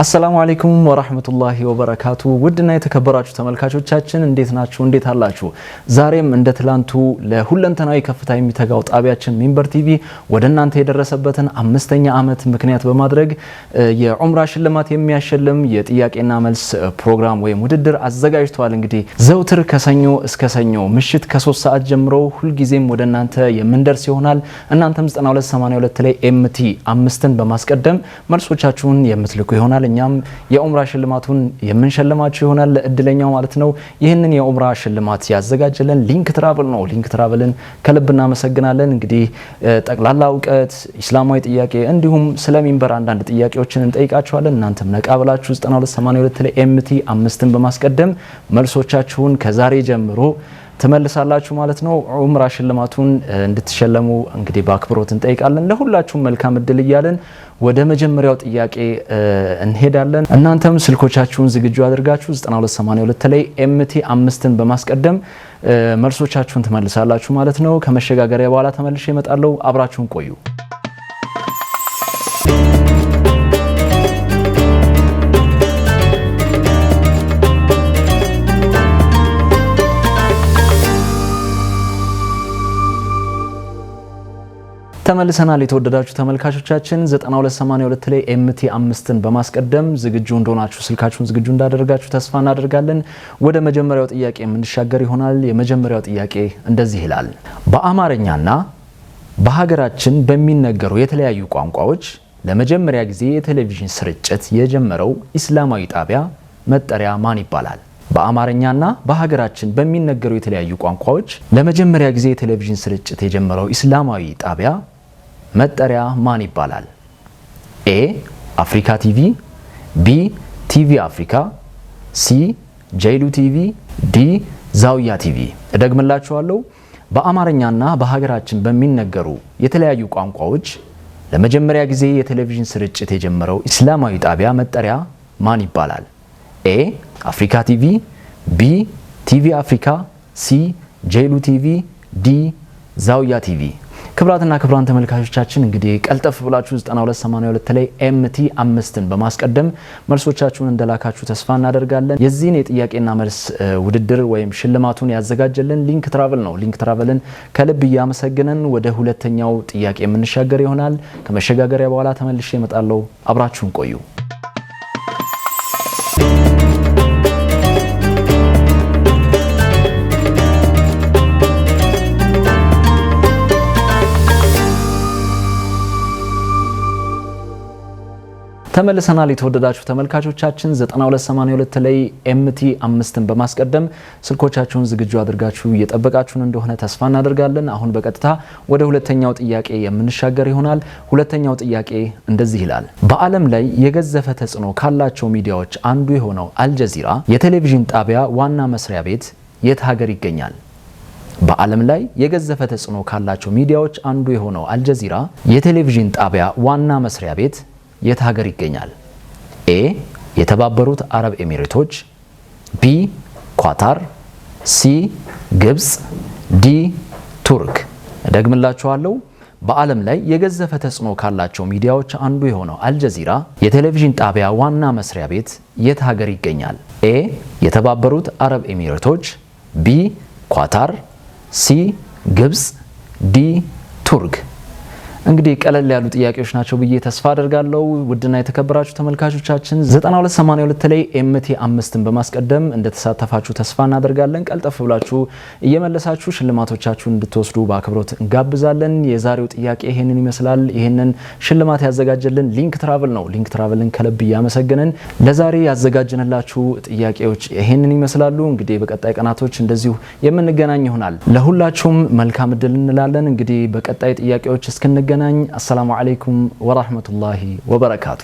አሰላሙ አለይኩም ወራህመቱላሂ ወበረካቱ ውድና የተከበራችሁ ተመልካቾቻችን እንዴት ናችሁ? እንዴት አላችሁ? ዛሬም እንደ ትላንቱ ለሁለንተናዊ ከፍታ የሚተጋው ጣቢያችን ሚንበር ቲቪ ወደ እናንተ የደረሰበትን አምስተኛ ዓመት ምክንያት በማድረግ የዑምራ ሽልማት የሚያሸልም የጥያቄና መልስ ፕሮግራም ወይም ውድድር አዘጋጅተዋል። እንግዲህ ዘውትር ከሰኞ እስከ ሰኞ ምሽት ከሶስት ሰዓት ጀምሮ ሁልጊዜም ወደ እናንተ የምንደርስ ይሆናል። እናንተም 9282 ላይ ኤምቲ አምስትን በማስቀደም መልሶቻችሁን የምትልኩ ይሆናል። እኛም የኡምራ ሽልማቱን የምንሸልማችሁ ይሆናል ለእድለኛው ማለት ነው። ይህንን የኡምራ ሽልማት ያዘጋጀለን ሊንክ ትራቭል ነው። ሊንክ ትራቭልን ከልብ እናመሰግናለን። እንግዲህ ጠቅላላ እውቀት፣ ኢስላማዊ ጥያቄ እንዲሁም ስለሚንበር አንዳንድ ጥያቄዎችን እንጠይቃችኋለን። እናንተም ነቃ ብላችሁ 9282 ላይ ኤምቲ አምስትን በማስቀደም መልሶቻችሁን ከዛሬ ጀምሮ ትመልሳላችሁ ማለት ነው። ዑምራ ሽልማቱን እንድትሸለሙ እንግዲህ በአክብሮት እንጠይቃለን። ለሁላችሁም መልካም እድል እያለን ወደ መጀመሪያው ጥያቄ እንሄዳለን። እናንተም ስልኮቻችሁን ዝግጁ አድርጋችሁ 9282 ላይ ኤምቲ አምስትን በማስቀደም መልሶቻችሁን ትመልሳላችሁ ማለት ነው። ከመሸጋገሪያ በኋላ ተመልሼ እመጣለሁ። አብራችሁን ቆዩ። ተመልሰናል የተወደዳችሁ ተመልካቾቻችን 9282 ላይ ኤምቲ አምስትን በማስቀደም ዝግጁ እንደሆናችሁ ስልካችሁን ዝግጁ እንዳደረጋችሁ ተስፋ እናደርጋለን። ወደ መጀመሪያው ጥያቄ የምንሻገር ይሆናል። የመጀመሪያው ጥያቄ እንደዚህ ይላል። በአማርኛና በሀገራችን በሚነገሩ የተለያዩ ቋንቋዎች ለመጀመሪያ ጊዜ የቴሌቪዥን ስርጭት የጀመረው ኢስላማዊ ጣቢያ መጠሪያ ማን ይባላል? በአማርኛና በሀገራችን በሚነገሩ የተለያዩ ቋንቋዎች ለመጀመሪያ ጊዜ የቴሌቪዥን ስርጭት የጀመረው ኢስላማዊ ጣቢያ መጠሪያ ማን ይባላል? ኤ አፍሪካ ቲቪ፣ ቢ ቲቪ አፍሪካ፣ ሲ ጄሉ ቲቪ፣ ዲ ዛውያ ቲቪ። እደግምላችኋለሁ። በአማርኛና በሀገራችን በሚነገሩ የተለያዩ ቋንቋዎች ለመጀመሪያ ጊዜ የቴሌቪዥን ስርጭት የጀመረው ኢስላማዊ ጣቢያ መጠሪያ ማን ይባላል? ኤ አፍሪካ ቲቪ፣ ቢ ቲቪ አፍሪካ፣ ሲ ጄሉ ቲቪ፣ ዲ ዛውያ ቲቪ። ክብራትና ክብራን ተመልካቾቻችን እንግዲህ ቀልጠፍ ብላችሁ 9282 ላይ ኤምቲ አምስትን በማስቀደም መልሶቻችሁን እንደላካችሁ ተስፋ እናደርጋለን። የዚህን የጥያቄና መልስ ውድድር ወይም ሽልማቱን ያዘጋጀልን ሊንክ ትራቨል ነው። ሊንክ ትራቨልን ከልብ እያመሰግነን ወደ ሁለተኛው ጥያቄ የምንሻገር ይሆናል። ከመሸጋገሪያ በኋላ ተመልሼ እመጣለሁ። አብራችሁን ቆዩ። ተመልሰናል የተወደዳችሁ ተመልካቾቻችን 9282 ላይ ኤምቲ አምስትን በማስቀደም ስልኮቻችሁን ዝግጁ አድርጋችሁ እየጠበቃችሁን እንደሆነ ተስፋ እናደርጋለን። አሁን በቀጥታ ወደ ሁለተኛው ጥያቄ የምንሻገር ይሆናል። ሁለተኛው ጥያቄ እንደዚህ ይላል። በዓለም ላይ የገዘፈ ተጽዕኖ ካላቸው ሚዲያዎች አንዱ የሆነው አልጀዚራ የቴሌቪዥን ጣቢያ ዋና መስሪያ ቤት የት ሀገር ይገኛል? በዓለም ላይ የገዘፈ ተጽዕኖ ካላቸው ሚዲያዎች አንዱ የሆነው አልጀዚራ የቴሌቪዥን ጣቢያ ዋና መስሪያ ቤት የት ሀገር ይገኛል? ኤ የተባበሩት አረብ ኤሚሬቶች፣ ቢ ኳታር፣ ሲ ግብፅ፣ ዲ ቱርክ። እደግምላችኋለሁ። በዓለም ላይ የገዘፈ ተጽዕኖ ካላቸው ሚዲያዎች አንዱ የሆነው አልጀዚራ የቴሌቪዥን ጣቢያ ዋና መስሪያ ቤት የት ሀገር ይገኛል? ኤ የተባበሩት አረብ ኤሚሬቶች፣ ቢ ኳታር፣ ሲ ግብፅ፣ ዲ ቱርክ እንግዲህ ቀለል ያሉ ጥያቄዎች ናቸው ብዬ ተስፋ አደርጋለሁ። ውድና የተከበራችሁ ተመልካቾቻችን 9282 ላይ ኤምቲ አምስትን በማስቀደም እንደተሳተፋችሁ ተስፋ እናደርጋለን። ቀልጠፍ ብላችሁ እየመለሳችሁ ሽልማቶቻችሁን እንድትወስዱ በአክብሮት እንጋብዛለን። የዛሬው ጥያቄ ይሄንን ይመስላል። ይህንን ሽልማት ያዘጋጀልን ሊንክ ትራቭል ነው። ሊንክ ትራቭልን ከልብ እያመሰገንን ለዛሬ ያዘጋጀንላችሁ ጥያቄዎች ይሄንን ይመስላሉ። እንግዲህ በቀጣይ ቀናቶች እንደዚሁ የምንገናኝ ይሆናል። ለሁላችሁም መልካም እድል እንላለን። እንግዲህ በቀጣይ ጥያቄዎች እስክንገ እስከምንገናኝ አሰላሙ አለይኩም ወራህመቱላሂ ወበረካቱ።